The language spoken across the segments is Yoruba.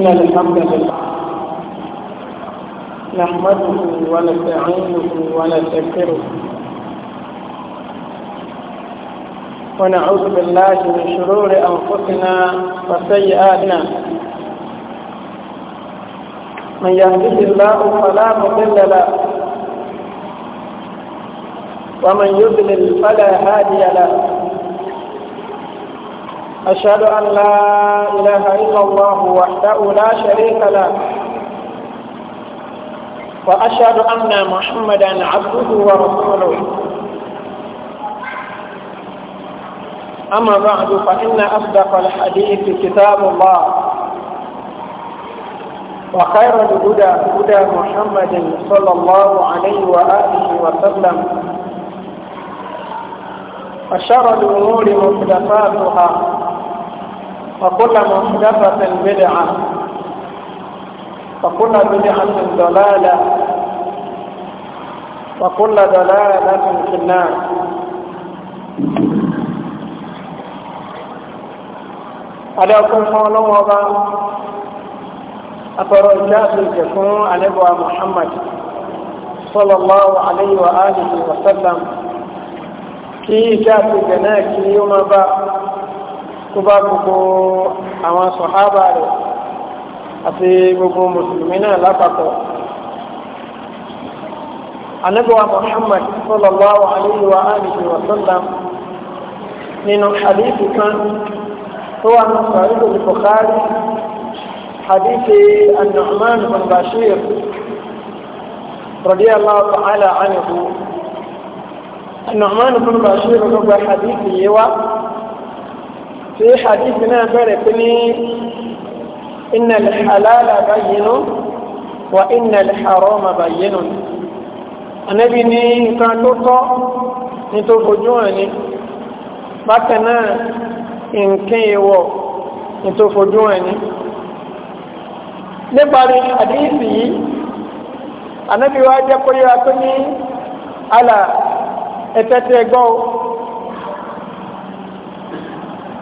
إن الحمد لله نحمده ونستعينه ونستغفره ونعوذ بالله من شرور أنفسنا وسيئاتنا من يهده الله فلا مضل له ومن يضلل فلا هادي له أشهد أن لا إله إلا الله وحده لا شريك له وأشهد أن محمدا عبده ورسوله أما بعد فإن أصدق الحديث كتاب الله وخير الهدى هدى محمد صلى الله عليه وآله وسلم وشر الأمور محدثاتها فكل محدثة بدعة فكل بدعة ضلالة وكل ضلالة في النار على كل حول وضع أفروا الناس الجفون عن أبوى محمد صلى الله عليه وآله وسلم كي جاءت جناك يوم بقى kó bá gbogbo àwọn sọ̀hábà rẹ̀ àti gbogbo mùsùlùmí náà lápapọ̀. anabiwa muhammad sallallahu alayhi wa alihi wa sallam nínú hadithi kan tó wà ní sàrídò bukhari hadithi an bin bashir radiyallahu ta'ala anhu an-nu'man bin bashir ló gba hadithi tí hadith náà bẹ̀rẹ̀ pé ní inna al-halala bayyinun wa inna al-harama bayyinun ànábì ní nǹkan tó tọ́ ní tó fojú hàn ní bákan nǹkan ìwọ̀ ní tó fojú hàn ní níparí àdíyìsí yìí ànábì wá jẹ́ kó yíra àlà ẹ̀tẹ́tẹ́ gbọ́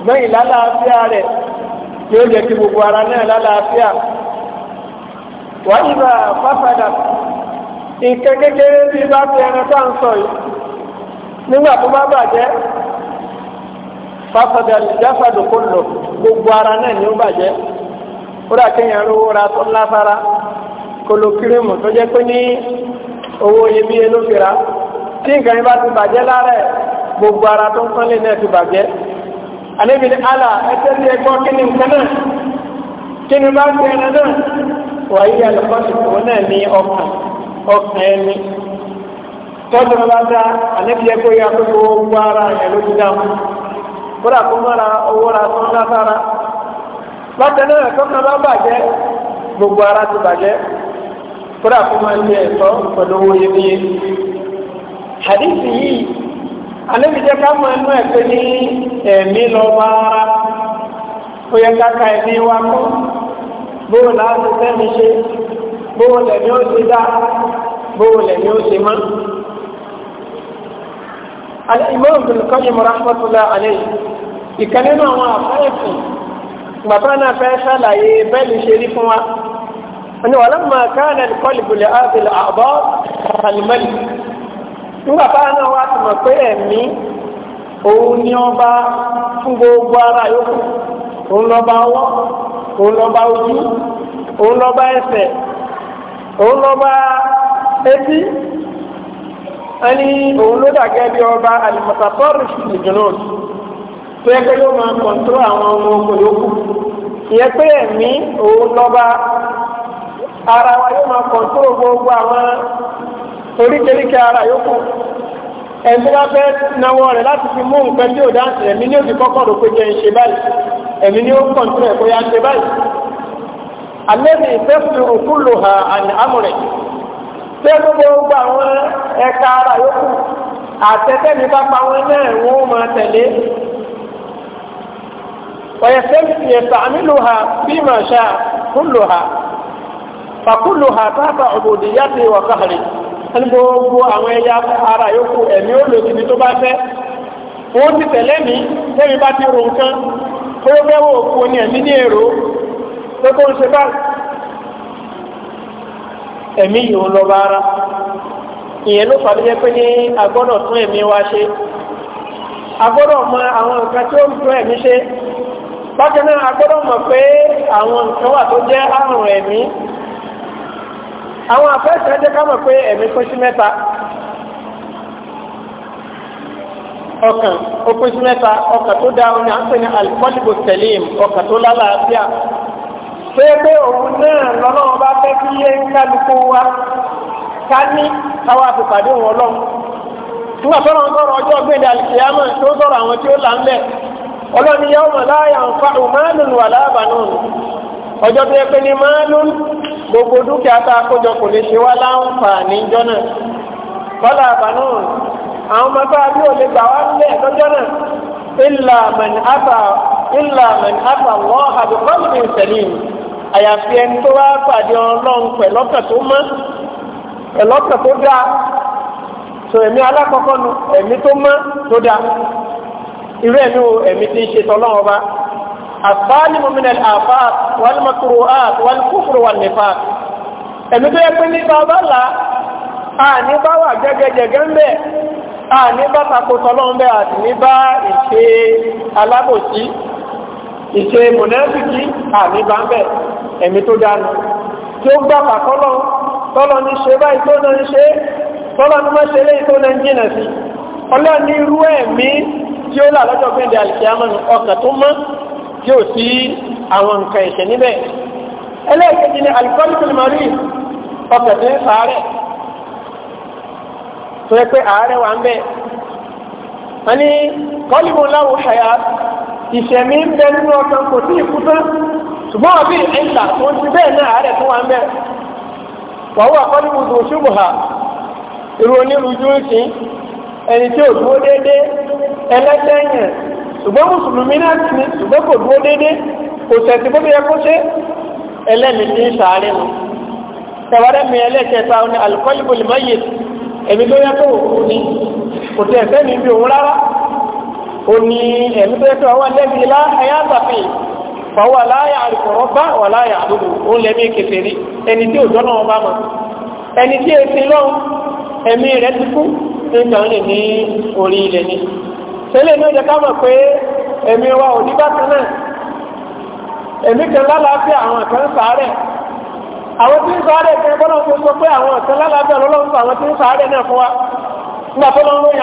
ṣùgbọ́n ìlàlàáfíà rẹ̀ yóò jẹ́ kí gbogbo ara náà lálàáfíà wọ́n yìí bá fáfadà nǹkan kékeré bíi bá fi ẹran tá à ń sọ yìí nígbà tó bá bàjẹ́ fáfadà jáfàdù kò lọ gbogbo ara náà ni ó bàjẹ́ ó rà kéèyàn rówó ra tó láfara kolo kírímù tó jẹ́ pé ní owó iyebíye ló fi ra tí nǹkan yìí bá ti bàjẹ́ lára ẹ̀ gbogbo ara tó ń tán náà ti bàjẹ́ àlébi ní àlà ẹsẹ̀ tí ẹ gbọ́ kí ni nǹkan náà kí ni bá ti ẹran náà wàyí àlùkọ́sì tó náà ní ọkàn ọkàn ẹni tọ́jú bá dá àlébi ẹ kó yẹ akókò owó ara ẹ̀ lójú dáhùn kódà kó mọ́ra owó ra tó ń lására bákan náà ẹ̀kọ́ bá bàjẹ́ gbogbo ara ti bàjẹ́ kódà kó máa ń lé ẹ̀tọ́ pẹ̀lú owó iyebíye. hadith yìí àlébìjẹ́ ká mọ ẹnu ẹ̀ pé ní ẹ̀mí lọ bá ara ó yẹ káka ẹ̀mí wa kọ́ bóò láti sẹ́mi ṣe bóò lẹ̀mí ó ti dá bóò lẹ̀mí ó ti mọ́. Al-Imam Ibn Qayyim rahmatullah alayhi ìkan nínú àwọn àfẹ́ẹ̀sì bàbá náà fẹ́ ṣàlàyé bẹ́ẹ̀lì ṣe rí fún wa wọ́n ni wọ́n lọ́mọ káàdì kọ́lìbùlẹ̀ áàbìlẹ̀ àbọ̀ àlùmọ́lì nígbà táwọn náà wá ti mọ̀ pé ẹ̀mí òun ni ọba fún gbogbo ara yòókù òun òun ojú òun ẹsẹ̀ òun etí ẹni òun ló dàgẹ́ bí ọba tó yẹ pé yóò máa àwọn ọmọ ogun yòókù ìyẹn pé ẹ̀mí òun ara wa yóò máa gbogbo àwọn oríkèéríkè ara yòókù ẹni tó bá fẹ́ náwó rẹ̀ láti fi mú nǹkan tí ò dáǹtì ẹ̀mí ní òbí kọ́kọ́ rò pé jẹ́ ń ṣe báyìí ẹ̀mí ó ẹ̀kọ́ ya ṣe báyìí alẹ́bí ìfẹ́fù òkúlò ha àní amúrẹ̀ tẹ́ gbogbo gbogbo àwọn ẹ̀ka ara yòókù àtẹ́tẹ́ mi bá pa wọn náà wọ́n máa tẹ̀lé ní gbogbo àwọn ẹ̀yà ara yòókù ẹ̀mí ó lò síbi tó bá fẹ́ wọ́n ti tẹ̀lé mi tẹ́mi bá ti rò nǹkan ó fẹ́ wò kó ní ẹ̀mí ní èrò pé kó ń ṣe bá ẹ̀mí yìí ń lọ bá ara ìyẹn ló fà lóye pé ní agbọ́dọ̀ tún ẹ̀mí wa ṣe agbọ́dọ̀ mọ àwọn nǹkan tí ó ń tún ẹ̀mí ṣe bákan náà agbọ́dọ̀ mọ̀ pé àwọn nǹkan wà tó jẹ́ àrùn ẹ̀mí àwọn àfẹ́sẹ̀ jẹ́ ká mọ̀ pé ẹ̀mí pín sí mẹ́ta ọkàn ó pín sí mẹ́ta ọkàn tó dáa ní à ń pè ní alikọ́lìbò tẹ̀lẹ́m ọkàn tó lálàáfíà pé pé òun náà lọ́lọ́run bá fẹ́ kí yé kálukú wa ká ní káwá fi pàdé òun ọlọ́run nígbà tó lọ́n sọ̀rọ̀ ọjọ́ gbèdé alikiyama tó sọ̀rọ̀ àwọn tí ó là ń lẹ̀ ọlọ́run yawma la yanfa'u malun wala banun ọjọ́ tó yẹ pé ní máa gbogbo dúkìá tá a kójọ kò lè ṣe wá láǹfààní jọ náà bọ́lá àbánú àwọn ọmọ tó a bí ò lè gbà wá nílẹ̀ lọ́jọ́ náà ìlà mẹ́ni àfà ìlà mẹ́ni àfà wọ́n àbíkọ́lù mi sẹ́lẹ̀ àyàfi ẹni tó wá pàdé ọlọ́run pẹ̀lọ́kàn tó mọ́ pẹ̀lọ́kàn tó dáa so ẹ̀mí alákọ̀ọ́kọ́ nu ẹ̀mí tó mọ́ tó dáa irú ẹ̀mí wo ẹ̀mí ti ń ṣe tọ́lọ́wọ́ bá. الظالم من الآفات والمكروهات والكفر والنفاق ẹ̀mí tó yẹ pé nípa bá là á ní bá wà jẹ́gẹ́jẹ́gẹ́ ń bẹ̀ á ní bá takòtò lọ́n bẹ̀ àti ní bá ìṣe alábòsí ìṣe mọ̀nẹ́sìkí àmì bá ń bẹ̀ ẹ̀mí tó dánu tí ó gbà pàkọ́lọ́ tọ́lọ ní ṣe báyìí tó náà ṣe tọ́lọ ní mọ́ tí ò sí àwọn nǹkan ẹ̀ṣẹ̀ níbẹ̀ ẹlẹ́ẹ̀kejì ni alikọ́lùkùn mọ́rí ọkọ̀ tó ń sàárẹ̀ tó yẹ pé àárẹ̀ wà ń bẹ̀ wọ́n ní kọ́lùkùn láwù ṣàyà ìṣẹ̀mí ń bẹ nínú ọkàn kò sí ikú tán ṣùgbọ́n àbí ẹ̀ńtà tó ti bẹ́ẹ̀ náà àárẹ̀ tó wà ń bẹ̀ wàhùn àkọ́lùkùn tó ṣubù hà ìrù onírúurú sí ẹni tí ò ṣùgbọ́n mùsùlùmí náà ti ní ṣùgbọ́n kò dúró déédéé kò sẹ̀tì bó bí ẹkọ́ ṣe ẹlẹ́ni ní sàárẹ̀ mu tẹ̀wárẹ́ mi ẹlẹ́kẹta ní alùpàlùbù lè máyè ẹ̀mí tó yẹ kó òkú ni kò tẹ̀ ẹ̀fẹ́ mi bí òun rárá ó ní ẹ̀mí tó yẹ kó àwọn ẹlẹ́bi lá ẹ̀yà àgbàfẹ́ fọwọ́ aláyà àrùkọ̀rọ̀ bá wà láyà àdúgbò ṣẹlẹ̀ ní ọjọ́ ká mọ̀ pé ẹ̀mí wa ò ní bákan náà ẹ̀mí kan lálàáfíà àwọn kan sàárẹ̀ àwọn tí ń sàárẹ̀ kan bọ́lá ń sọ pé àwọn kan lálàáfíà lọ́lọ́run sọ àwọn tí ń sàárẹ̀ náà fún wa pé ní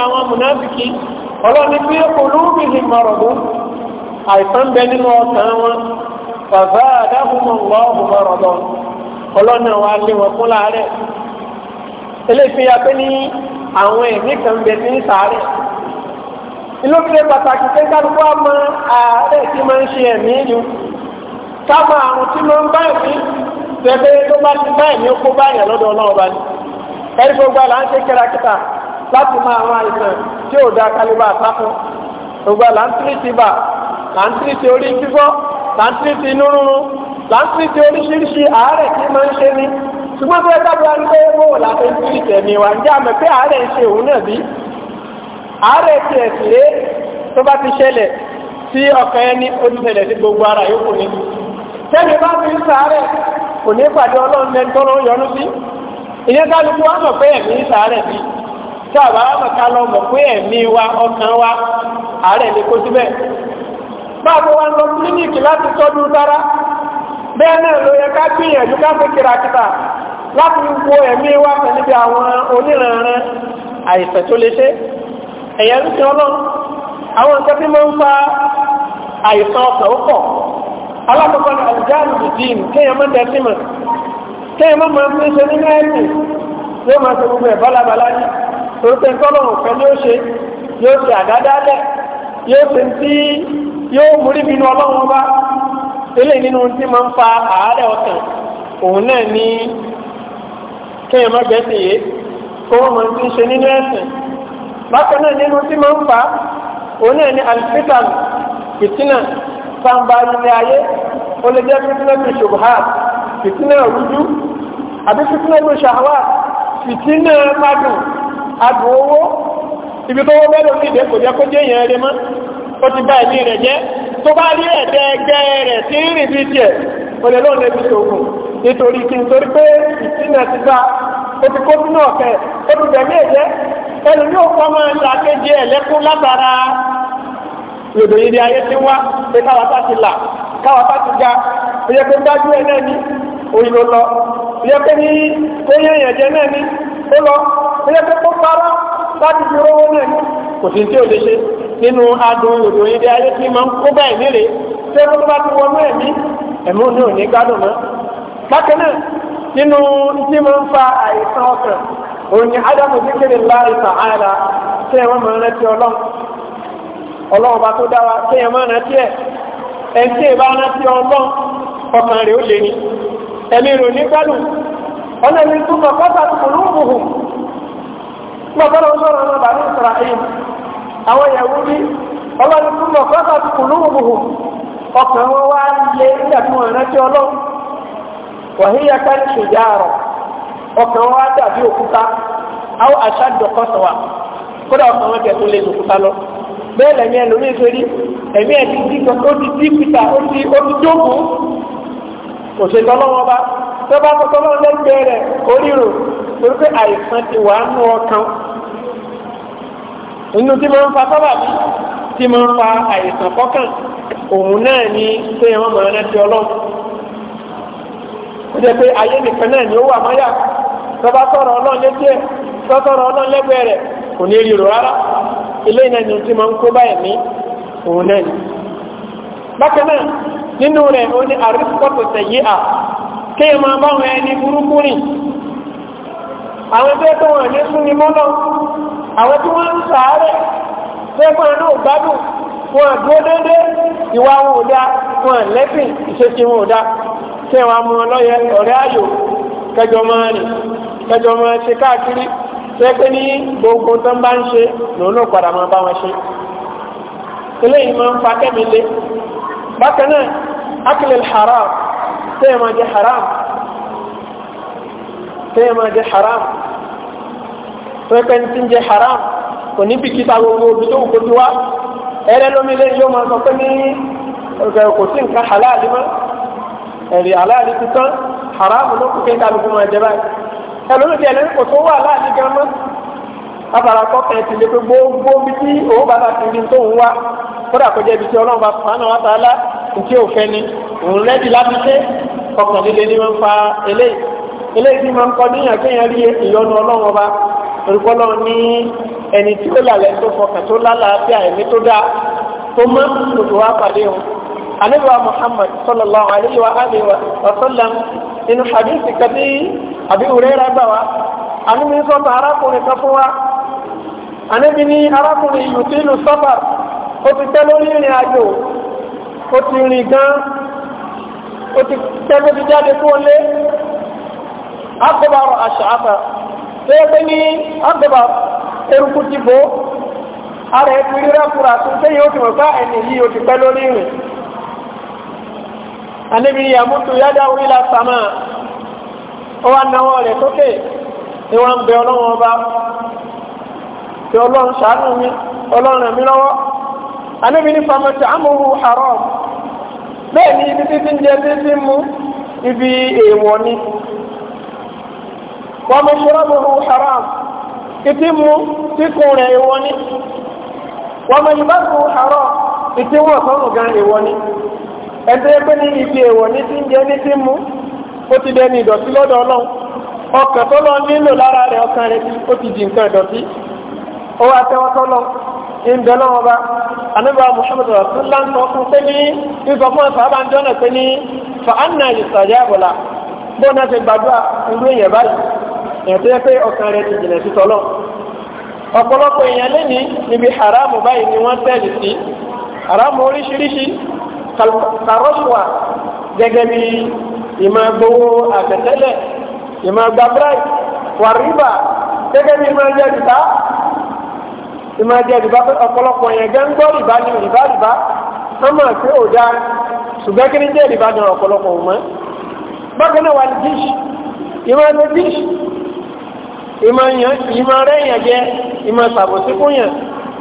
àwọn ẹ̀mí kan bẹ sí sàárẹ̀ ìlú fi lè pàtàkì pé kálukú àmọ́ ààrẹ tí máa ń ṣe ẹ̀mí yìí káàmù àrùn tí ló ń bá ẹ̀mí tẹ̀lé tó bá ti bá ẹ̀mí kó báyà lọ́dọ̀ náà bá ní. ẹ̀rí gbogbo àlà ń ṣe kẹ́rakẹ́ta láti máa ran àìsàn tí ò da kálíbà àtàkùn gbogbo àlà ń tírìtì bà là ń tírìtì orí fífọ́ là ń tírìtì inú rúru là ń tírìtì oríṣiríṣi ààrẹ tí máa ń ṣe ni ṣùgbọ́n bí ẹ ààrẹ tí ẹ̀ tó bá ti ṣẹlẹ̀ sí ọkàn ẹni oníṣẹlẹ̀ sí gbogbo ara yòókù tẹ́lẹ̀ bá fi ń sàárẹ̀ kò ní pàdé ọlọ́run lẹ́nu tọ́rọ yọnu sí ìyẹn kálukú wa mọ̀ pé ẹ̀mí sàárẹ̀ bí mọ̀ ká lọ mọ̀ pé ẹ̀mí wa ọkàn wa kó síbẹ̀ lọ láti tọ́jú dára bẹ́ẹ̀ náà ló yẹ ká gbìyànjú ká fi kìràkìtà láti wo ẹ̀mí wa pẹ̀lú bí àwọn àìsàn tó lè ẹ̀yà ń sin ọlọ́run àwọn nǹkan tí mo ń fa àìsàn ọkàn ó pọ̀ alákọ̀ọ́kọ́ ní àlùjáàlù dìdín kéèyàn mọ́ tẹ́sí mọ̀ kéèyàn mọ́ máa ń ṣe nínú ẹ̀sìn yóò máa ṣe gbogbo ẹ̀ bálabàlá ní orúkọ ìtọ́lọ́run ọ̀fẹ́ ni ó ṣe yóò ṣe àdádálẹ̀ yóò ṣe ń tí yóò múrí bínú ọlọ́run ọba eléyìí nínú tí máa ń fa àárẹ̀ ọkàn òun náà ní kéèyàn mọ́ gbẹ́sìn yìí kó wọ́n máa ń ṣe nínú ẹ̀sìn bákan náà nínú tí máa ń fà á òun náà ni alifitan fìtínà sáǹbà ilé ayé ó lè jẹ́ fìtínà bíi ṣubha fìtínà rújú àbí fìtínà bíi ṣàwà fìtínà mádùn adùn owó ibi tó wọ́n bẹ́ẹ̀ lókè dé kò jẹ́ kó jẹ́ yẹn rẹ mọ́ ó ti bá ẹ̀mí rẹ̀ jẹ́ tó bá rí ẹ̀dẹ́ ẹgbẹ́ rẹ̀ tí ń rìn bí tiẹ̀ ó lè lóun lè ṣògùn nítorí kí n torí pé fìtínà ti bá ó ti kó sínú ọ̀fẹ́ ó ti bẹ̀mí ẹ̀jẹ̀ ẹlòmí òkú ọmọ ẹ̀ta kéje ẹ̀lẹ́kún látara lòdò yìí ni ayé ti wá pé káwa bá ti là káwa bá ti ga ìyẹn pé dájú ẹ náà ni òyìnbó lọ ìyẹn pé ní oyè èèyàn jẹ náà ni ó lọ ìyẹn pé kó parọ́ láti fi rówó náà ni kò sí tí ò lè ṣe nínú adùn lòdò yìí ni ayé ti máa ń kó bẹ́ẹ̀ nílé tí ó bá ti wọnú ẹ̀mí ẹ̀mú ni ò ní gbádùn mọ́ bákan náà nínú tí máa ń fa àìsàn ọkàn onye ádámù zikiri láì sàáàlà tí ẹ̀wọ́n máa rántí ọlọ́run ọlọ́run bá tó dáwà tí ẹ̀ máa rántí ẹ̀ ẹni tí ìbá rántí ọlọ́run ọkàn rẹ̀ ó lè ní ẹ̀mí rò ní gbẹ́lù ọlọ́run ní kọ́ta ọkàn wọn wá wàhíyà ọkàn wa dàbí òkúta àwọn aṣáájọkọ sọwà kódà ọkàn wọn kẹtó lé òkúta lọ bẹ́ẹ̀ lẹ́mí ẹlòmíì sórí ẹ̀mí ẹ̀ ti dí kan ó ti dí pítà ó ti ó ti jókòó òṣèlú ọlọ́wọ́ bá tó bá kọ́kọ́ lọ́wọ́ lẹ́gbẹ̀ẹ́ rẹ̀ oríro torí pé àìsàn ti wà nù ọkàn inú tí mo ń fa sábàbí tí mo ń fa àìsàn kọ́kàn òun náà ní pé wọ́n mọ̀ rántí ọlọ́run ó jẹ́ pé ayé nìkan náà ni ó wà mọ́yà tọba tọrọ ọlọ́run létí ẹ̀ tọ́tọrọ ọlọ́run kò ní rárá ilé iná ni tí máa ń kó báyìí ní òun náà ni. bákan náà nínú rẹ o ní àrísíkọ́tò tẹ̀yí à kéèyàn máa bá wọn ẹni burúkú rìn àwọn tó wọn ní súnni mọ́nà àwọn tí wọ́n ń sàárẹ̀ náà gbádùn wọn àdúró ìwà wọn ò dá wọn ìṣesí wọn ò dá mú ọ̀rẹ́ ayò kẹjọ máa rìn kẹjọ máa ṣe káàkiri ṣe pé ní gbogbo tó ń bá ń ṣe lòun náà padà máa bá wọn ṣe eléyìí máa ń fa kẹ́mi lé bákan náà akílẹ̀ haram tẹ́yẹ̀ máa jẹ haram tẹ́yẹ̀ máa jẹ haram pẹ́pẹ́ ní ti ń jẹ haram kò ní bìkítà gbogbo obi tó kò tí wá lómi lé yóò máa sọ pé ní kò sí nǹkan halal mọ́ ẹ̀rí halal ti tán haram ló kù kéka ló fi máa jẹ báyìí ẹlòmíì tiẹ̀ lórí kò tó wà láàrin gan mọ́ abarakọ kan ti lè pe gbogbo bí tí òun bá bá ti rí tó ń wá kódà kó jẹ́ ibi tí ọlọ́run bá fún àná wá tààlà nítí òfẹ́ ni òun lẹ́bi láti ṣe ọkànlélẹ́ ni wọ́n ń fa eléyìí eléyìí tí máa ń kọ́ níyàn kéèyàn rí ìyọnu ọlọ́run ọba orúkọ náà ní ẹni tí ó lálẹ́ tó fọkàn tó lálàáfíà ẹ̀mí tó dáa tó mọ́ gbogbo wa pàdé o àníbà Muhammad sallallahu alayhi wa alihi wa sallam inú hadithi àbí òrẹ́ra gbà wá àníbi sọ́fà arákùnrin kan fún wa àníbi ní arákùnrin ìlú tí ìlú sọ́fà ó ti tẹ́ lórí ìrìn àjò ó ti rìn gan ó ti tẹ́ bó ti jáde fún olé akọbàrọ̀ àṣà àfà tó yẹ pé ní akọbà eruku ti bò ara ẹ ti rírà kura tó sẹ́yìn ó ti mọ̀ ká yìí ó ti pẹ́ lórí ìrìn àníbi ìyàmútu yádà orí la sàmáà. ó wá rẹ̀ tókè ni wọ́n ń bẹ ọlọ́run ọba tí ọlọ́run ṣàánú mi ọlọ́run lọ́wọ́ ní haram bẹ́ẹ̀ ni ibi títí ń jẹ títí mú ibi èèwọ̀ ni wọ́n mú ṣọ́rọ́bùrù haram títí mú kíkún rẹ̀ èèwọ̀ ni wọ́n mú haram títí wọ́n gan èèwọ̀ ni ibi èèwọ̀ ni ń jẹ títí mú ó ti dẹni ìdọ̀tí lọ́dọ̀ ọlọ́run ọkàn tó lọ nílò lára rẹ̀ ọkàn rẹ̀ ó ti di nǹkan ìdọ̀tí ó wá tẹ́wọ́ tọ́lọ́ ìbẹ̀ lọ́wọ́ bá anábà muhammadu rasulillah sọ fún pé ní ìsọ fún ẹ̀fọ́ abájọ́ náà pé ní fa anna ìsàjẹ́ àbọ̀là bó náà ṣe gbàdúrà irú èèyàn báyìí èèyàn tó yẹ pé ọkàn rẹ̀ ti jìnà sí tọ́lọ́ ọ̀pọ̀lọpọ̀ èèyàn lẹ́ni níbi haramu báyìí ni wọ́n tẹ̀lé sí haramu oríṣiríṣi kàrọ́ṣùwà gẹ́gẹ́ bíi ìmọ̀ gbowó àtẹ̀tẹ́lẹ̀ ìmọ̀ gba bright wà rìbà gẹ́gẹ́ bí ìmọ̀ jẹ́ rìbá ìmọ̀ jẹ́ rìbá ọ̀pọ̀lọpọ̀ yẹn gẹ́ ń gbọ́ rìbá ní rìbá rìbá wọ́n mọ̀ pé ò kí ni jẹ́ rìbá ní ọ̀pọ̀lọpọ̀ mọ́ bákan náà wà ní díṣì ìmọ̀ ẹgbẹ́ díṣì ìmọ̀ rẹ̀ yẹn jẹ́ ìmọ̀ ṣàbòsí fún yẹn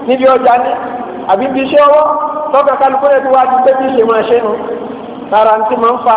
níbi ọjà ní àbí ibi iṣẹ́ ọwọ́ tọ́ka kálukú rẹ̀ ti wá ti pé bí ṣe máa ṣe nu tààrà ti máa ń fa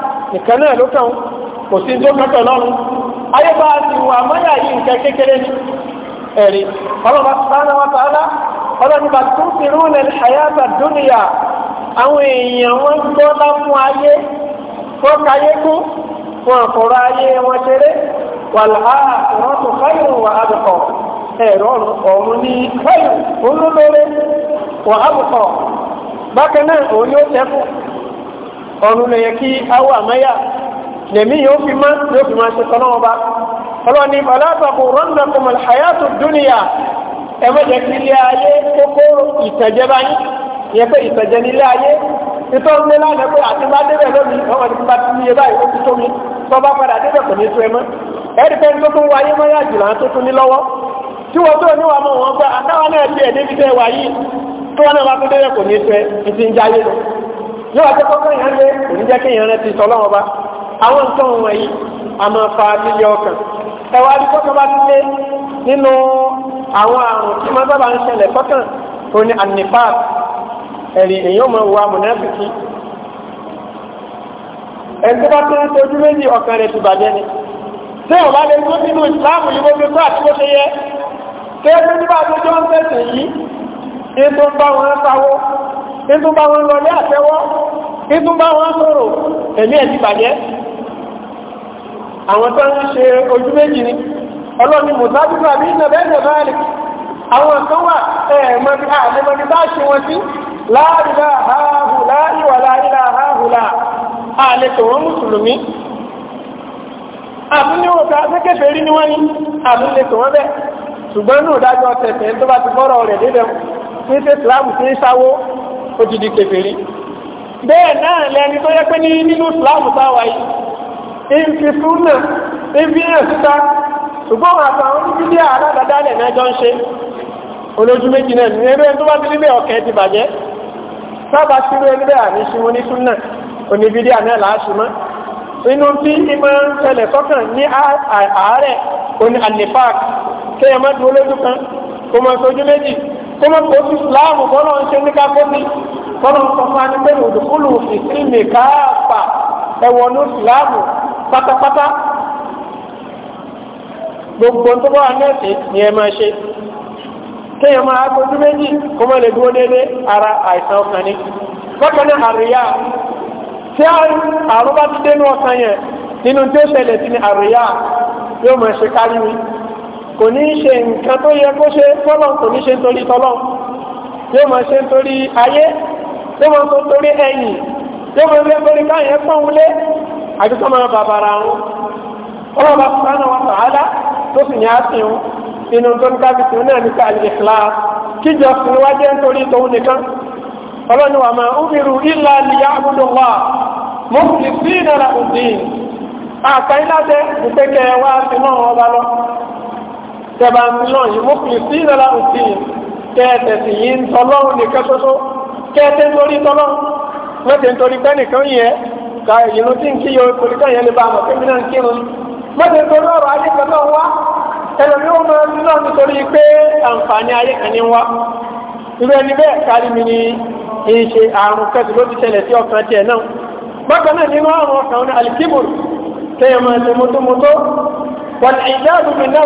nìkan náà ló kàn kò sí tó kẹ́kẹ́ lọ́rùn ayé bá ti wà mọ́yà yìí nǹkan kékeré ẹ̀rí wọn tààlà ọlọ́nìbà fi rúnlẹ̀ dúnìyà wọn fún ayé kayé kú wọn ayé wọn ṣeré ọ̀run lè yẹ kí awọ àmọ́yà lèmi yóò fi mọ́ yóò fi máa ṣe tọ́nà ọba ọlọ́ni ọlọ́tọ̀kù rọ́ndà kò mọ̀ àyàtò dúnìyà ẹ mọ̀jẹ̀ kí ilé ayé kókó ìtẹ̀jẹ́ bá yín yẹ pé ìtẹ̀jẹ́ ní ilé ayé títọ́ ń lé lánàá pé àti bá débẹ̀ lónìí ọmọ ti bá ti níye báyìí ó ti tó mi tó bá padà débẹ̀ kò ní tó yóò wá tẹ́kọ̀ọ́ kẹ́yìn án lé òní jẹ́ kéèyàn rẹ ti sọ lọ́wọ́ bá àwọn nǹkan wọ̀nyí a máa fa líle ọkàn ẹwà àdúgbò kan bá ti lé nínú àwọn àrùn tí máa sábà ń ṣẹlẹ̀ sọ́kàn òní anifas ẹ̀rì èyàn máa wà mọ̀nẹ́fìkì ẹ̀ńtí bá ti ń tojú méjì ọkàn rẹ̀ ti bàjẹ́ ni tí ò bá lè tó nínú ìsìláàmù yìí bó fi tó àti bó ṣe yẹ kí ẹgbẹ́ nígbà tó jọ ń tẹ̀sìn yìí ètò ń bá wọn sáwọ́ nínú bá wọn lọ ní àtẹ́wọ́ nínú bá wọn sọ̀rọ̀ ẹ̀mí ẹ̀ ti bàjẹ́ àwọn tó ń ṣe ojú méjì ni ọlọ́ni mùsáàbíkú àbí ìnàbẹ́ ìnàbẹ́ àwọn kan wà ẹ̀ẹ̀mọ́bí àlẹ́mọ́bí bá ṣe wọn sí láàrínlá àhàhùlá ìwà láàrínlá àhàhùlá àlẹ́tò wọn mùsùlùmí àbúníwòká sẹ́kẹ̀fẹ́ rí ní wọ́n ní àbúlẹ̀tò wọn bẹ́ẹ̀ ṣùgbọ́n ní òdájọ́ tẹ̀tẹ̀ tó bá ti bọ́rọ̀ rẹ̀ débẹ̀ ní tẹ́sílámù tí ń sáwó ó ti di kèfèrí bẹ́ẹ̀ náà lẹni tó yẹ pé ní nínú Islam táwa yìí ń fi súnà ń fi hàn síta ṣùgbọ́n àtàwọn oníbíbí àrádàdá lẹ̀ mẹ́jọ ń ṣe olójú méjì náà ní ẹgbẹ́ tó bá ti níbẹ̀ ọ̀kẹ́ ti bàjẹ́ sábà sírú ẹgbẹ́ àníṣíwò ní súnà oníbíbí àná làásùmọ́ inú tí ìmọ̀ ń tẹlẹ̀ sọ́kàn ní àárẹ̀ oní àlèfáàkì kéèyàn má dúró lójú kan kó mọ sójú méjì kọ́mọ́ tó ti fúláàmù bọ́lọ̀ ń ṣe ní kákọ́bí bọ́lọ̀ ń sọ fún ani pé òdùkúlù ìsìnmi káàpà ẹ̀wọ̀n ní fúláàmù pátápátá gbogbo tó bá ní ni ẹ máa ṣe kéèyàn máa kojú méjì kó má lè dúró déédéé ara àìsàn ọkàn ni bákan náà àríyá tí àrùn bá ti dénú ọkàn yẹn nínú tí ó ṣẹlẹ̀ sí ni àríyá yóò máa ṣe kárí mi kò ní í ṣe nǹkan tó yẹ kó ṣe tọ́lọ̀ kò ní ṣe nítorí tọ́lọ̀ yóò máa ṣe nítorí ayé yóò máa tó torí ẹ̀yìn yóò máa ṣe nítorí káyẹ̀ pọ̀nwulé àti tó máa bàbàrà wọn ọlọ́run bá fún àwọn sàádà tó sì ní àsìn wọn inú tó ń kábi tì náà nípa àlèkìlá kíjọ fún wa jẹ́ nítorí tòun nìkan wà máa ń bìrù ìlà nìyá àbúdó wa mo sí ìdára òdì àkàyílá jẹ́ ìpẹ́kẹ̀ ọba lọ tẹ̀bà ń lọ yìí mú kìlì sí ìlọ́lá òsì yìí kẹ́ẹ̀tẹ̀ sì yìí ń tọ́lọ́run nìkan ṣoṣo kẹ́ẹ̀tẹ̀ ń torí tọ́lọ́run mẹ́tẹ̀ ń torí pẹ́ nìkan yẹ ka ìlú tí ń kí yọ ìpòlì kan yẹn lè bá àmọ̀ kémi náà ń kírun mẹ́tẹ̀ ń torí ọ̀rọ̀ ayé kan náà wá ẹlòmí ó máa ń lọ nítorí pé àǹfààní ayé kan ní wá irú ẹni bẹ́ẹ̀ kárí mi ni kì í ṣe àrùn kẹsì ló ti ṣẹlẹ̀ sí ọkàn tiẹ̀ náà bákan náà nínú àrùn ọkàn ní alikibur kéèyàn máa ṣe mọ́tòmọ́tò wọ́n ìjáàbù mi náà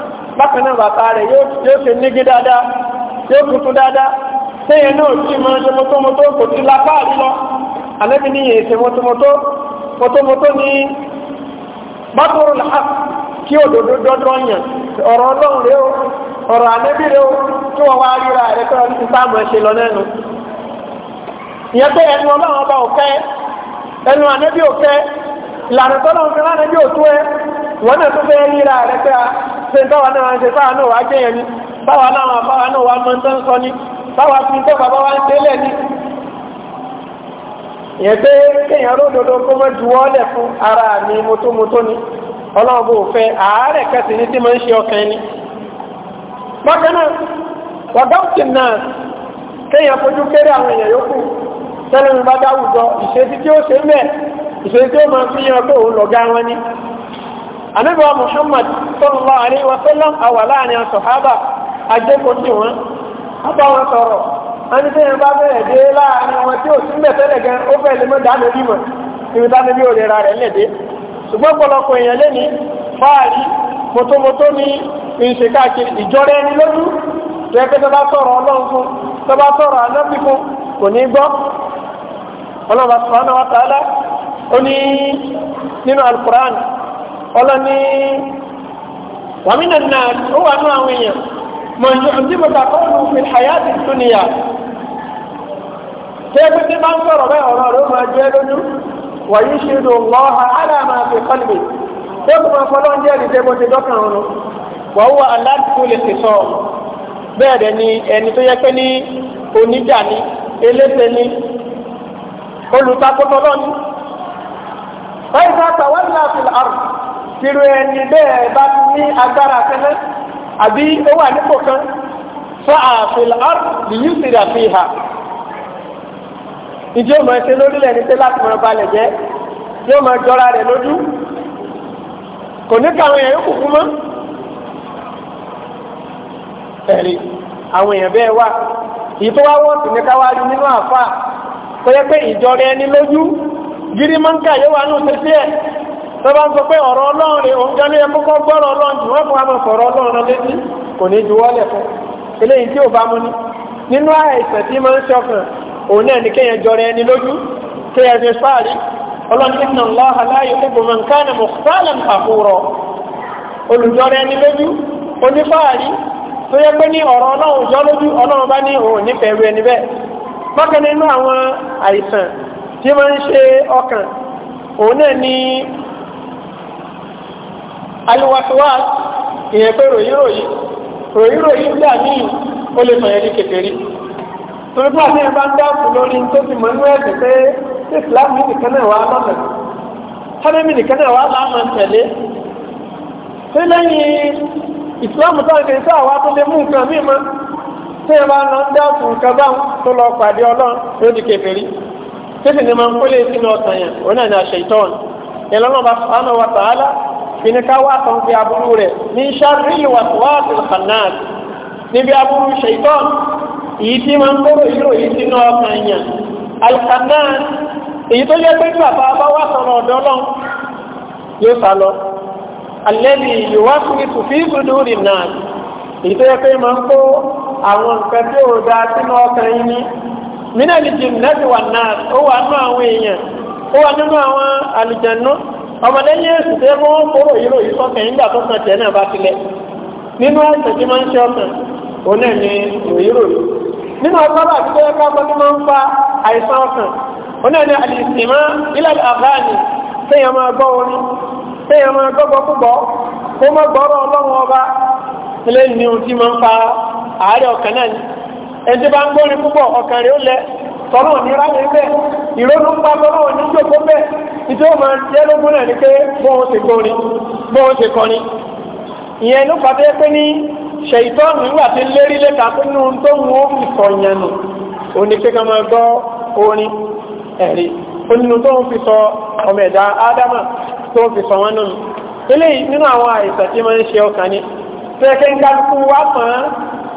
bákan náà bàbá rẹ̀ yóò ṣe nígi dáadáa yóò tuntun dáadáa téèyàn náà tí máa ṣe mọ́tòmọ́tò kò ti lápá àdúlọ àlẹ́bí ní yẹn ṣe mọ́tòmọ́tò mọ́tòmọ́tò ní bákòrò làá kí òdòdó dọ́dọ́ yàn ọ̀rọ̀ ọlọ́run rẹ o ọ̀rọ̀ àlẹ́bí rẹ o tí wọ́n wá ríra rẹ tó ń tá àmọ́ ṣe lọ lẹ́nu ìyẹn pé ẹnu ọlọ́run ọba ṣe báwa náà ṣe báwa náà wá jẹ́yẹn ni báwa náà báwa náà wá mọ́ tán sọ ni báwa fi tó bàbá wá ń tẹ́lẹ̀ ni ìyẹn pé kéèyàn ródòdó kó mọ́ juwọ́lẹ̀ fún ara mi mutómutó ni ọlọ́run bò fẹ́ àárẹ̀ kẹsì ní tí mo ń ṣe ọkàn ni bákan náà wàgáùtì náà kéèyàn fojú kéré àwọn èèyàn yòókù tẹ́lẹ̀ mi bá dáwùjọ ìṣesí tí ó ṣe mẹ́ ìṣesí tí ó máa fi yan pé òun lọ̀gá wọn ni ànábì wa Muhammad sallallahu alaihi wa sallam àwà láàrin asọ̀hábà ajẹ́kọ̀ọ́ tí wọ́n bá wọn sọ̀rọ̀ ẹni tí yẹn bá bẹ̀rẹ̀ dé láàrin wọn tí ò sí mẹ́tẹ́lẹ̀ gan ó fẹ́ lè mọ́ dáná bí mọ̀ ibi dáná bí òrera rẹ̀ lẹ́dẹ́ ṣùgbọ́n ọ̀pọ̀lọpọ̀ èèyàn lẹ́ni fáàrí mọ́tòmọ́tò ní ìṣe káàkiri ìjọra ẹni lójú rẹ̀ pé tọ́ba sọ̀rọ̀ ọlọ́run fún tọ́ba sọ̀rọ̀ anábì fún kò ní gbọ́ ọlọ́run subhanahu wa ta'ala ó ní nínú ọlọ́ni wàmínà náà ó wà nú àwọn èèyàn mọ̀nyí ọ̀dí bàbá kọ́ọ̀lù fi àyà ti tún níyà ṣé pé tí máa ń sọ̀rọ̀ bẹ́ẹ̀ ọ̀rọ̀ rẹ̀ ó máa jẹ́ lójú wàyí ṣe lò lọ́ha aláàmà fi kọ́lùmí ṣé kò máa fọlọ́ jẹ́ ìdíje bó ti dọ́kàn ọ̀run wà ó wà aládùúgbò lè ti sọ bẹ́ẹ̀ dẹ̀ ni ẹni tó yẹ pé ní oníjà ni elése ni olùtakótọ́ lọ́ni. báyìí sáà tàwọn ìlà àfihàn àrùn irú ẹni bẹ́ẹ̀ bá ní agbára kan àbí ó wà nípò kan fún àfihàn àrùn yìí sì rà fi hà ìdí òmò ẹsẹ lórílẹ̀ ní pé láti mọ̀ balẹ̀ jẹ́ yóò mọ̀ jọra rẹ̀ lójú kò ní káwọn èèyàn kúkú mọ́ ẹ̀rí àwọn èèyàn bẹ́ẹ̀ wà èyí tó wá wọ́ọ̀tì ní káwájú nínú àfà tó yẹ pé ìjọra ẹni lójú gírí mọ́ńkà yóò wà ní òṣèṣẹ́ ẹ̀ tọ́ba ń sọ pé ọ̀rọ̀ ọlọ́run rẹ̀ òun jẹ́ ẹkọ́kọ́ gbọ́rọ̀ ọlọ́run jù wọ́n fún wa sọ̀rọ̀ ọlọ́run létí kò ní ju wọ́lẹ̀ fún eléyìí tí ò bá mú ni nínú àìsàn tí máa ń ṣọkàn òun náà ní kéèyàn jọrọ ẹni lójú kéèyàn fi fáàrí ọlọ́run Allaha la yuhibbu man kana mukhtalan fakhura olùjọrọ ẹni lójú onífáàrí tó yẹ pé ní ọ̀rọ̀ ọlọ́run jọ lójú ọlọ́run bá ní òun nífẹ̀ẹ́ ru ẹni bẹ́ẹ̀ bákan nínú tí máa ń ṣe ọkàn òun aliwasiwa ìyẹn pé ròyìnròyìn ròyìnròyìn gbà míì ó lè sọ̀yẹ́ ní kékeré torí pé àti ìbá ń dáàbò lórí tó ti mọ̀ nínú ẹ̀sìn pé Islam nìkan náà wà lọ́nà sábẹ́mì nìkan náà wà láàmà tẹ̀lé ṣé lẹ́yìn Islam táwọn kìí sáà wá tó lè mú nǹkan míì mọ́ tí ẹ bá lọ ń dáàbò nǹkan bá tó lọ pàdé Ọlọ́run ló di kékeré tẹ́sí ni máa ń kólé sínú ọ̀sán yẹn òun náà ni àṣẹ ìtọ́ọ̀nù ìlànà bá ìníká wá tán fi aburú rẹ̀ ní sáré ìwàsíwàsí khannas níbi aburú ṣèitán èyí tí máa ń kóró ìró yìí sínú ọkàn èèyàn alkhannas èyí tó yẹ pé tí bàbá bá wá sọ̀rọ̀ ọ̀dọ́ lọ yóò sá lọ alẹ́bí ìwáṣíwí tùfí ìdúdúrì náà èyí tó yẹ pé máa ń kó àwọn nǹkan tí ò dáa sínú ọkàn yìí ní mínàlì ọmọlẹ́yìn èsì tẹ́ mọ́ kóró yìí ròyìn sọ́kàn nígbà ndị kàn tẹ̀ náà bá tilẹ̀ nínú ẹ̀sẹ̀ tí máa ń ṣe ọkàn òun náà ni ròyìn ròyìn nínú ọgbọ́n àti tí máa ń fa àìsàn òun àlìsìmá ilẹ̀ àbáàní téèyàn máa gbọ́ orin téèyàn máa púpọ̀ kó má gbọ́rọ̀ ọlọ́run tọ́lọ́ ní ráyè bẹ́ẹ̀ ìrònú pa tọ́lọ́ ní jòkó bẹ́ẹ̀ ìjọ máa jẹ́ lógún náà ni pé bóun ṣe kọrin bóun ṣe kọrin ìyẹn ló pàtẹ́ pé ní ṣèyítọ́ọ̀nù ìwà ti lérí lẹ́ka tó nù tó ń wọ́n fi sọ̀yàn nù òní pé ká máa gbọ́ orin ẹ̀rí onínú tó ń fi sọ ọmọ ẹ̀dá ádámà tó ń fi sọ wọn nù eléyìí nínú àwọn àìsàn tí máa ń ṣe ọkàn ni tẹ́kẹ́ ń kálukú wá kàn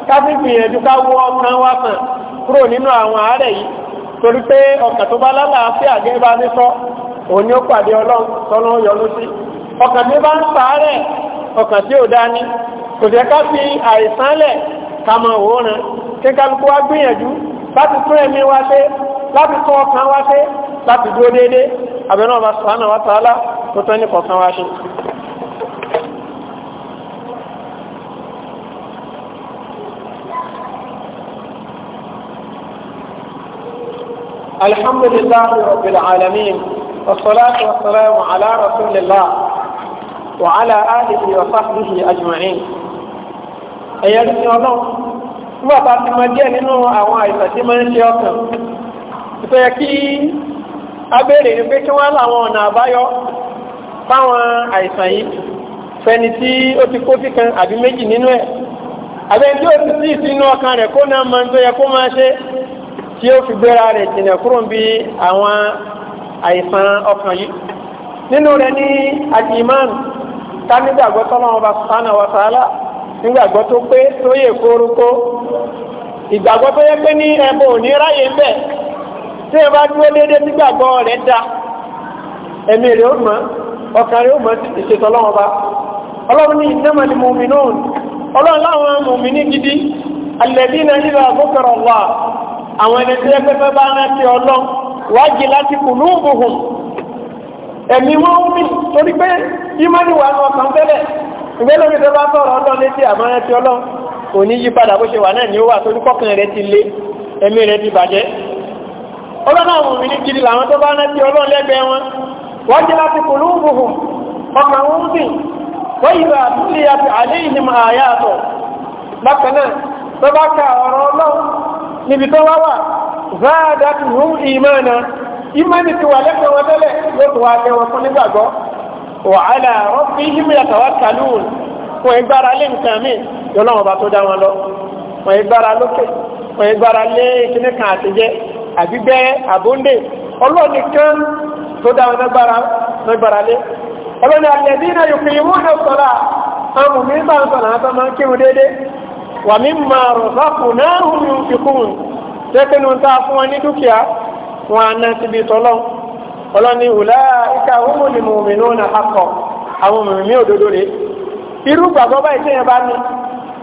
ká fi gbìyànjú ká wọ ọkàn wá kàn kúrò nínú àwọn àárẹ̀ yìí torí pé ọkàn tó bá lálàáfíà gẹ́gẹ́ bá ní sọ òní ó pàdé ọlọ́run tọ́lọ́ yọnu sí ọkàn tí bá ń sàárẹ̀ ọkàn tí ò dání kò jẹ́ ká fi àìsánlẹ̀ kàmọ̀ òórùn kí kálukú wá gbìyànjú láti tún ẹ̀mí wá sé láti tún ọkàn wá ṣe láti dúró déédéé ọba tó ní kọ̀ọ̀kan wá الحمد لله رب العالمين والصلاة والسلام على رسول الله وعلى آله وصحبه أجمعين ẹ̀yẹ́ ní ọlọ́run nígbà tá a ti máa díẹ̀ nínú àwọn àìsàn tí máa ń ṣe ọkàn ìfẹ́ yẹ kí a béèrè ní pé kí wọ́n láwọn ọ̀nà àbáyọ fáwọn àìsàn yìí fẹni tí ó ti kó sí kan àbí méjì nínú ẹ̀ àbẹ́ni tí ó ti sí ìsinú ọkàn rẹ̀ kó náà máa ń tó yẹ kó máa ṣe tí ó fi gbéra rẹ̀ jìnà kúrò bí àwọn àìsàn ọkàn yìí nínú rẹ̀ ní al ká nígbàgbọ́ tọ́lọ́wọ́n bá subhanahu nígbàgbọ́ tó pé tó yẹ kórókó ìgbàgbọ́ tó yẹ pé ní ẹbọ ò ní tí ẹ da ẹ̀mí rẹ̀ ó mọ̀ ọkàn rẹ̀ ó mọ̀ bá ọlọ́run ní ọlọ́run láwọn ní gidi àwọn ẹni tí ẹgbẹ́fẹ́ bá rántí ọlọ́ wájì láti kù lóògùn ẹ̀mí wọn ń mì torí pé ìmọ̀ni ní ọkàn tẹ́lẹ̀ ìgbélé mi bá sọ̀rọ̀ ọlọ́ létí àmọ́ rántí ọlọ́ kò ní yí padà bó ṣe wà náà ní ó wà torí kọ́kàn rẹ ti ẹ̀mí rẹ ti bàjẹ́ ọlọ́nà àwọn òmìnir ọlọ́ níbi tó wá wà záàdá tó hù ìmọ̀nà ìmọ̀nì ti wà lẹ́kọ̀ọ́ wọn tẹ́lẹ̀ yóò tó wá tẹ wọn fún nígbàgbọ́ wà á là rọ́bì ìmìyàtọ̀ wá kàlùn wọn ìgbára lé nǹkan mi yọlọ́wọ́n bá tó dá wọn lọ wọn ìgbára lókè wọn ìgbára lé ìkíní kan àtijẹ́ àbígbẹ́ àbóńdè ọlọ́ọ̀nì kan tó dá wọn lọ́gbára lé ọlọ́ọ̀nì àlẹ́dínà yòókè ìwúndà sọ̀rọ̀ àwọn mùmí wà mí máa rọ̀ sáfù náà hùn mí fi kún tẹ́kẹ́ ní ta fún wọn ní dúkìá wọn àna ti bí tọ́lọ́ ọlọ́ni ìwòlá ìka òun ni mòmí ní òun àkọ́ àwọn mòmí òdodo rẹ̀ irú gbàgbọ́ báyìí tẹ́yẹ bá ní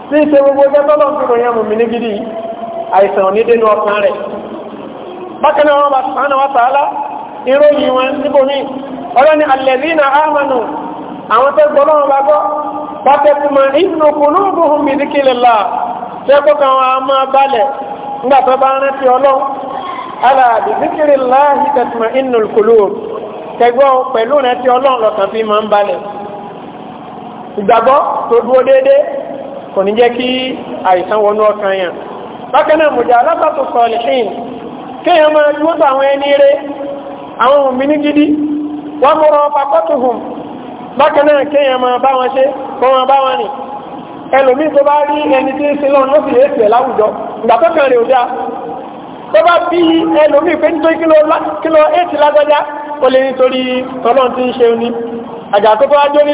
tí ń ṣe gbogbo ọjọ́ tọ́lọ́ ń fi yẹn mòmí gidi àìsàn onídénú ọkàn rẹ̀ bákan náà wọn bá sàn wọn sàálà ìròyìn wọn níbòmí ọlọ́ni alladhina amanu àwọn tó gbọ́ lọ́wọ́ bá gbọ́ pàtẹ́kùmọ̀ inú kùlùbùhùn mi ní kìlìlá tẹ́kọ̀ kan wọn a máa balẹ̀ nígbà tó bá rántí ọlọ́run aláàbí zikiri láàhí tẹ̀tùmọ̀ inú kùlùb na pẹ̀lú rántí ọlọ́run lọ́kàn fi máa ń balẹ̀ ìgbàgbọ́ tó dúró déédéé ki bákan náà kéèyàn máa bá wọn ṣe kó máa bá wọn rìn ẹlòmíì tó bá rí ẹni tí ń ṣe lọ́run ló sì yé tiẹ̀ láwùjọ ìgbà tó kàn rè ó dáa tó bá bí ẹlòmíì pé nítorí kílò éètì lágbájá ó lè nítorí ọlọ́run tí ń ṣe ní àjà tó bá jó ní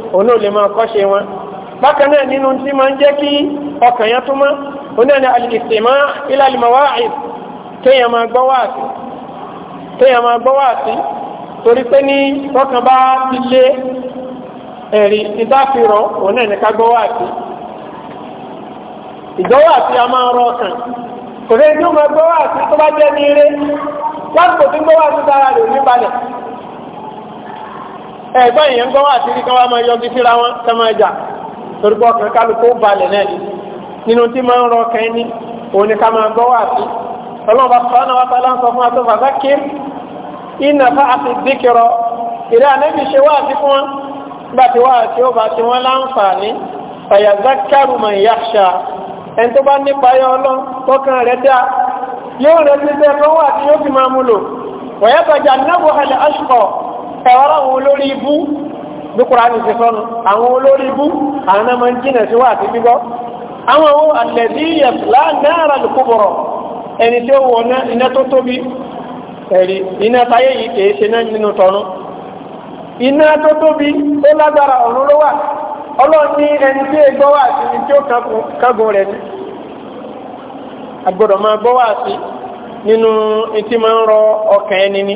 òun náà lè máa kọ́ṣe wọn bákan náà nínú tí máa ń jẹ́ kí ọkàn yẹn tó mọ́ òun náà ní alìsèmá ilà alìmọ̀wáàìd téèyàn máa gbọ́ wáàsí téèyàn máa gbọ́ wáàsí torí pé ní ọkàn bá ti lé ẹ̀rí ìdáfirọ̀ òun náà ní ká gbọ́ wáàsí ìgbọ́wọ́ àti a máa rọ ọkàn kò lè ní ọmọ gbọ́wọ́ àti tó bá jẹ́ ní eré lásìkò tí gbọ́wọ́ àti dára rẹ̀ ní balẹ̀ ẹ̀gbọ́n ìyẹn ń gbọ́ wà sí kí wọ́n máa yọjú síra wọn kí wọ́n máa jà torí pé ọkàn kálukú balẹ̀ náà ni nínú tí máa ń rọ ọkàn ẹni òun ni ká máa gbọ́ wà sí ọlọ́run bá fọ́ náà wá tá láǹsọ fún wa tó fàtà kí iná fa àti dìkìrọ ìrẹ́ ànẹ́bí ṣe wà sí fún wọn nígbà tí wà sí ó bá wọn láǹfààní fàyàzákàrù mọ̀ ìyáṣà ẹn tó bá nípa ayọ́ ọlọ́ tọkàn rẹ̀ dá yóò rẹ̀ ti tẹ́ fún wà tí yóò fi máa mú lò wọ̀yẹ́ bàjá ẹ̀wọ́rọ̀ àwọn olórí ibú bí kùránì ti sọ́nu àwọn olórí ibú àwọn ọmọ jìnà sí wà àti gbígbọ́ àwọn ohun àlẹ́dí yẹ̀fúlá náírà ẹni tí ó wọ iná tó tóbi ẹ̀rí iná táyé yìí kìí ṣe náà nínú tọ́nu iná tó tóbi ó lágbára ni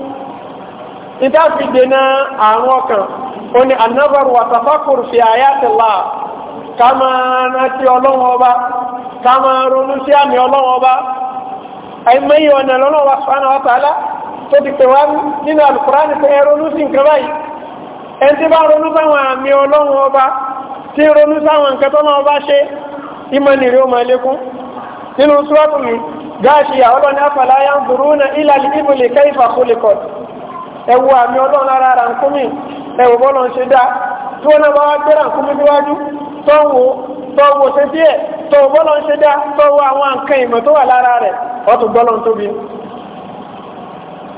ìdá fi dènà àrùn ọkàn ó ní anábàrù àtàfàkùrù fi àyàtì là ká máa rántí ọlọ́wọ́ ọba ká máa ronú sí àmì ọlọ́wọ́ ọba àìmọye ọ̀nà lọ́lọ́wọ́ sọ́nà ọ̀tàlá tó ti pè wá nínú àlùkùránì pé ẹ ronú sí nǹkan báyìí ẹni tí bá ronú sáwọn àmì ọlọ́wọ́ ọba tí ronú sáwọn nǹkan tọ́lọ́ ọba ṣe ìmọ̀ nìrí ó máa lékún nínú súwọ́pù mi gáàṣì àwọn ọlọ́ni afàlàyà ń burú na ìlàlì ìbùlì kẹ́ ìfàkúlẹ̀kọ̀tù ẹ wo àmì ọlọ́run lára ràkúnmí ẹ wò bọ́ọ̀lù ń ṣe dá tí wọ́n náà bá wá gbé ń wò tó ń wò ṣe díẹ̀ tó ń ń ṣe dá tó àwọn nǹkan ìmọ̀ tó wà lára rẹ̀ wọ́n tún ń tóbi.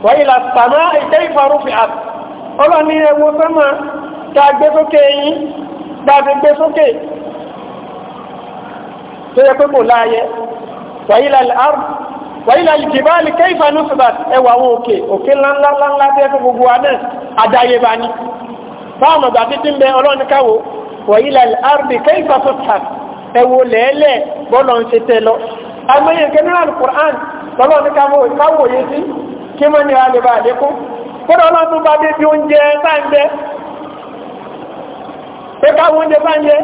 wọ́n la sàmá ìtẹ́ ìfarúfin àt ọlọ́ni ẹ sẹ́mà tá gbé sókè yín bá a gbé sókè tó yẹ pé kò láàyè wọ́n la wàyí la jìbáàlì kẹ́yìfà ẹwà oke òkè òkè ńláńláńlá tẹ́ fún gbogbo wa náà ni fáwọn ọ̀gbà títí ń bẹ ọlọ́run ardi kẹ́yìfà sọ̀tà ẹwò bọ́lọ̀ ń ṣe tẹ lọ. agbẹ́yẹ general Qur'an ọlọ́run káwò yé sí kí wọ́n ní alẹ́ bá kódà bá dé bí oúnjẹ sáńjẹ pé káwọn oúnjẹ sáńjẹ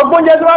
ọgbọ́njẹ tó wá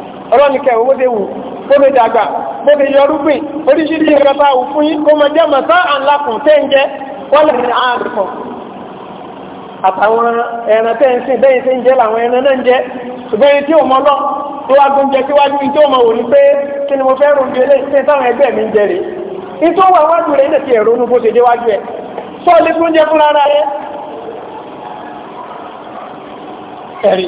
ọlọ́ni kẹwọ́ bó ṣe wù bó ṣe dàgbà bó ṣe yọrúgbìn oríṣiríṣi nǹkan tá a wù fún yín kó mọ jẹ́ màtá àńlákùn tẹ́ ń jẹ wọ́n lè rìn àárín kan àtàwọn ẹran tẹ́ ń sìn bẹ́ẹ̀ ṣe ń jẹ́ làwọn ẹran náà ń jẹ ṣùgbọ́n iye tí ò mọ lọ tó wá gúnjẹ síwájú iye tí ò jẹ́ fún ara rẹ̀ ẹ̀rí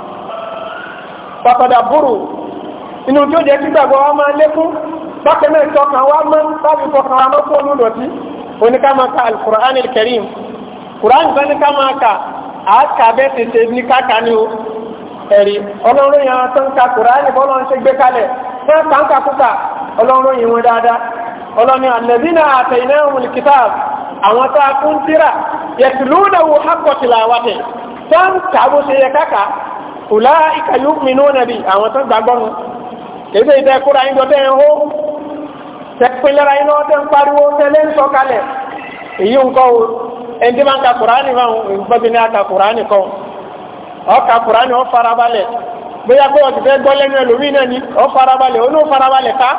pàpàdà búrú inú tí ó jẹ́ gbígbàgbọ́ wa máa lékún bákan náà tọkàn wa mọ́ láti fọkàn wa mọ́ fóònù dọ̀tí oníkàmáka alukur'an karim kur'an kan níkàmáka àáka bẹ́ẹ̀ tètè ní káka ni o ẹ̀rí ọlọ́run yẹn tó ń ka kur'an bọ́lọ́ ń ṣe gbé kalẹ̀ fún kàńkà kúkà ọlọ́run yìí wọn dáadáa ọlọ́ni a kún tíra yẹtùlúnà wò hákọ̀tìlà wàtẹ̀ tó ń kà bó ṣe yẹ káka ọ̀là ìkàyò mìíràn nàbì àwọn tó gbàgbọ́ nù kéde ìdẹ kóra yín dọ́tẹ́ ń hó tẹpẹlẹ́ra yín lọ́wọ́ tẹ́ ń pariwo tẹ́lẹ̀ ń sọ kalẹ̀ èyí ń kọ́ o ẹni tí máa ń ka kùránì máa ń gbọ́ bí ní a ka kùránì kọ́ ọ ka kùránì ọ farabalẹ̀ bóyá pé ọtí fẹ́ gbọ́ lẹ́nu ẹlòmíì náà ni ọ farabalẹ̀ ó ní ó farabalẹ̀ ká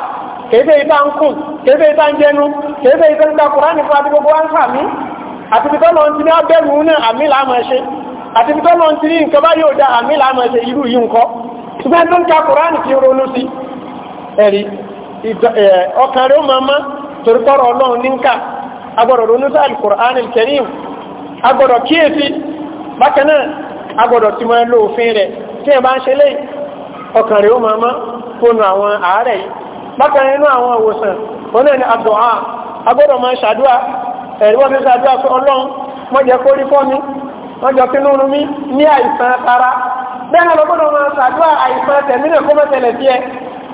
kéde ìta ń kùn kéde ìta ń jẹnu kéde ìta ń ka kùránì fún àti gbogbo wa ń sàmí àti bí tọ́lọ́ ti ní abẹ́rù náà àmì làá máa àti bitọ́ lọ́n ti rí nǹkan bá yóò da àmì làmọ̀ ṣe irú yìí nǹkan ṣùgbọ́n tó ń ka kùránì ti ronú sí ẹ̀rí ọkàn rẹ̀ ó máa má torí kọ́rọ̀ ọlọ́run ní nǹka agbọ́dọ̀ ronú sí alukùránì kẹrin agbọ́dọ̀ kíyèsí bákan náà agbọ́dọ̀ ti máa lo òfin rẹ̀ tí ẹ bá ń ṣe ọkàn rẹ̀ ó máa má fóònù àwọn àárẹ̀ yìí bákan nínú àwọn òwòsàn wọn náà ni àdùá agbọ́dọ̀ máa ṣàdúà ẹ̀rí wọ́n ti ṣàdúà fún ọlọ́run mọ́jẹ́ kórí fọ́mi wọ́n jọ kí lóorun mi ní àìsàn tara bẹ́ẹ̀ náà lọ́gbọ́dọ̀ máa ṣàdúrà àìsàn tẹ̀mí náà kó má tẹ̀lẹ̀ sí ẹ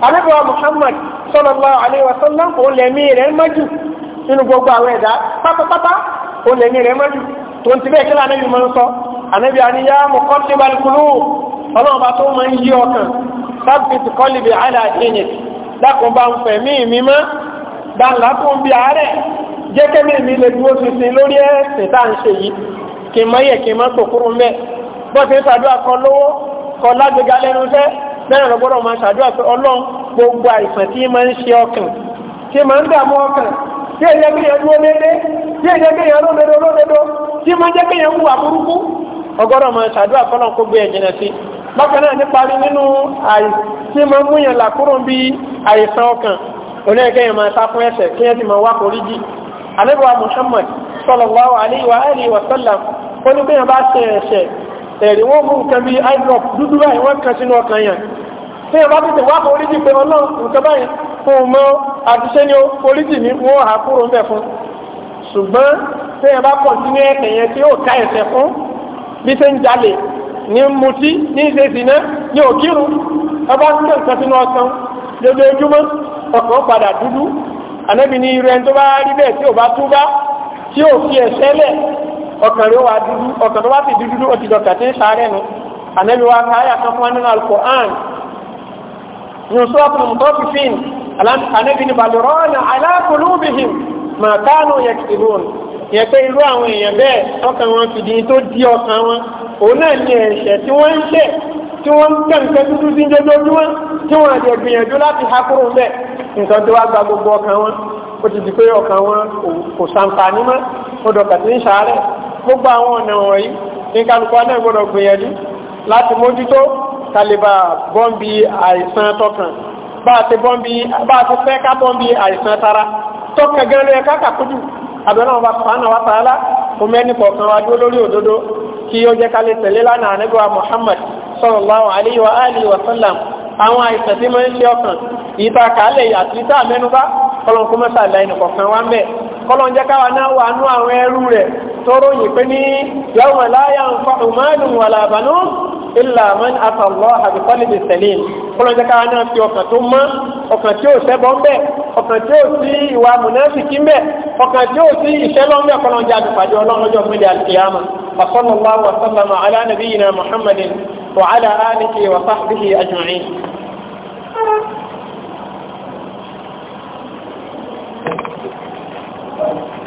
àbíbọ̀ Muhammad sallallahu alaihi wasallam kò lẹ́mí rẹ̀ mọ́jú nínú gbogbo àwọn ẹ̀dá pátápátá kò lẹ́mí rẹ̀ mọ́jú tó ń ti bẹ́ẹ̀ kílà anábì máa ń sọ anábì àníyá muqallibal qulub ọlọ́run bá tó máa ń yí ọkàn sábìt kọ́lìbì ala dinik dákun bá ń fẹ̀ mí mi mọ́ dáńlá tó ń bi àárẹ̀ jẹ́kẹ́mí mi lè dúró ṣinṣin lórí ẹ̀sìn tá à ń ṣe yìí kì í mọ yẹ kì í mọ kòkòrò ń bẹ bó ti ń ṣàdúrà kọ lówó kọ lágbègà lẹ́nu iṣẹ́ náà lọ gbọ́dọ̀ máa ṣàdúrà pé Ọlọ́run gbogbo àìsàn tí máa ń ṣe ọkàn tí máa ń dààmú ọkàn tí èyí jẹ́ kéèyàn dúró déédéé tí èyí jẹ́ kéèyàn lódodo lódodo tí máa ń jẹ́ kéèyàn wùwà burúkú ọgọ́dọ̀ máa ṣàdúrà kọ́lọ́n kó gbé ẹ̀jìnà sí bákan náà níparí nínú tí máa ń múyàn làkúrò bí àìsàn ọkàn oníkẹyìn máa sá fún ẹ̀ṣẹ̀ kéèyàn sì máa wá kórìjì àlébùwà Muhammad sallallahu alaihi wa alihi wa sallam ó ní bẹ́yàn bá ṣe ẹ̀ṣẹ̀ ẹ̀rí wọ́n mú nǹkan bí idrop dúdú báyìí wọ́n kan sínú ọkàn yẹn bẹ́yàn bá tètè wá kan oríjì pé ọlọ́run nǹkan báyìí fún un mọ́ àtúnṣe ní oríjì ní wọ́n hà kúrò ń bẹ̀ fún ṣùgbọ́n bẹ́yàn bá pọ̀ sínú ẹ̀kẹ̀ yẹn tí ó ká ẹ̀ṣẹ̀ fún bí tí ò fi ẹ̀ṣẹ̀ lẹ̀ ọkàn tó bá ti dúdú ó ti dọ̀kà tí ń sáré nu ànábi wa ká ayà kan fún wa nínú alukur'an ní sọ́ọ̀tún mutọ́fífin ànábi ní balùrọ́ọ̀nà alákòlóbìhìn mà kánú yẹkìtìbòn yẹ pé irú àwọn èèyàn bẹ́ẹ̀ ọkàn wọn fìdí tó di ọkàn wọn òun náà ní ẹ̀ṣẹ̀ tí wọ́n ń ṣẹ̀ tí wọ́n ń tẹ̀ nǹkan dúdú bẹ́ẹ̀ ọkàn wọn ó ti di pé ọkàn wọn kò sàǹfààní mọ́ ó dọ̀kà tí ń ṣàárẹ̀ gbogbo àwọn ọ̀nà wọ̀nyí ní kálukú wa náà gbọ́dọ̀ gbìyànjú láti mójútó kàlíbà bọ́ǹbì àìsàn tọkàn bá a ti fẹ́ ká bọ́ǹbì àìsàn tara tọkàn gan ló yẹ ká kàkójú àbẹ̀rẹ̀ wọn bá fàánà wá tààlà omi ẹni kọ̀ọ̀kan wa dúró lórí òdodo kí Muhammad sallallahu alaihi wa sallam àwọn àìsàn tí mo ń ṣe ọkàn ìta kàálẹ̀ àti ìta kọ́lọ́n kó mọ́sá láìní kọ̀ọ̀kan wá mẹ́ kọ́lọ́n jẹ́ káwa náà wà nú àwọn ẹrú rẹ̀ tó ròyìn pé ní yawma la yanfa'u malun wala banun illa man ata Allah bi qalbin salim kọ́lọ́n jẹ́ káwa fi ọkàn tó mọ́ ọkàn tí ó ṣẹbọ ńbẹ ọkàn tí ó sí ìwà mùnáfíkì ńbẹ ọkàn tí ó sí ìṣẹlọ ńbẹ kọ́lọ́n jẹ́ àdùpàdé ọlọ́run ọjọ́ gbé وصلى الله Thank you.